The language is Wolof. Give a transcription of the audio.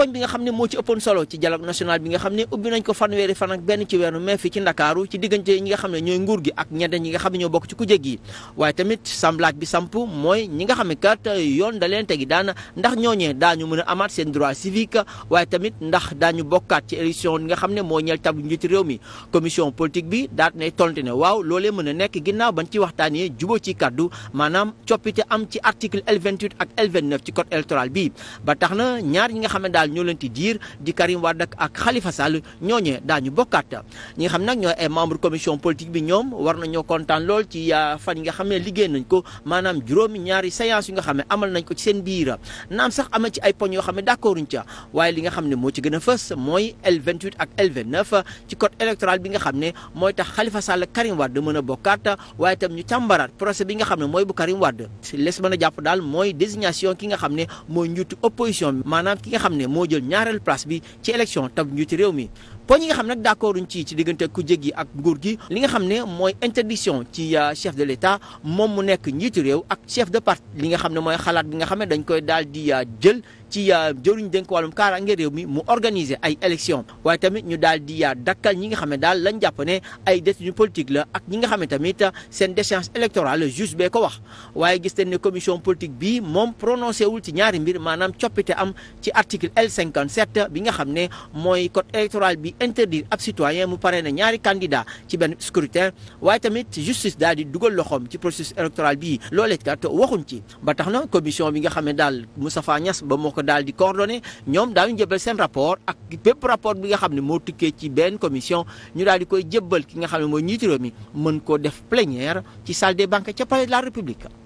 poñ bi nga xam ne moo ci ëppoon solo ci dialogue national bi nga xam ne ubbi nañ ko fanweeri fan ak benn ci weeru mai fii ci ndakaaru ci diggante ñi nga xam ne ñooy nguur gi ak ñeneen ñi nga xam ne ñoo bokk ci kujje gi waaye tamit samblaaj bi samp mooy ñi nga xam ne kat yoon da leen daana ndax ñooñee daañu mën a amaat seen droit civique waaye tamit ndax daañu bokkaat ci élection yi nga xam ne moo ñeel tabu njiitu réew mi commission politique bi a nekk ginnaaw ban ci waxtaanee jubóo ci kaddu maanaam coppite am ci article l bi ba daal ñoo leen di diir di Karim Wade ak Khalifa Sall ñooñee daañu bokkaat ñi nga xam nag ñooy ay membre commission politique bi ñoom war nañoo kontaan lool ci ah, fan nga xam ne liggéey nañ ko maanaam juróomi ñaari séance yu nga xam ne amal nañ ko ci seen biir naam sax amal ci ay poñ yoo xam ne d'accorduñ ca waaye li a fës mooy L28 ak bi nga xam ne mooy a bu Karim Wade les mën a jàpp daal mooy désignation ki nga xam ne mooy njuutu opposition maanaam ki nga moo jël ñaareel place bi ci élection tab ñu ci réew mi poñ ñi nga xam nag d'accorduñ ci ci diggante ku jég ak nguur gi li nga xam ne mooy interdiction ci euh, chef de l'État moom mu nekk njiitu réew ak chef de parti li nga xam ne mooy xalaat bi nga xam ne dañ koy daal di euh, jël ci euh, jëruñ dénk wàllum kaaraange réew mi mu organiser ay élection waaye tamit ñu daal di dakkal ñi nga xam ne daal lañ jàpp ne ay détenus politique la ak ñi nga xam ne tamit seen déchéance électorale juste bee ko wax waaye gis nañ ne commission politique bi moom prononcé wul ci ñaari mbir maanaam coppite am ci article L57 bi nga xam ne mooy code électoral bi interdire ab citoyen mu pare na ñaari candidat ci benn scrutin waaye tamit justice daal di dugal loxoom ci processus électoral bii loolee kat waxuñ ci ba tax na commission bi nga xam ne daal Moustapha Niass ba moo ko daal di coordonné ñoom daañu jëbal seen rapport ak bépp rapport bi nga xam ne moo tukkee ci benn commission ñu daal di koy jëbbal ki nga xam ne mooy njiitu réew mi mën koo def plénière ci salle des banquets ca palais la république